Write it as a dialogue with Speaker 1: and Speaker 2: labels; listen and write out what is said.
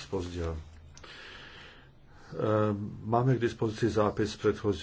Speaker 1: spozdil. Ehm, máme k dispozici zápis předchozí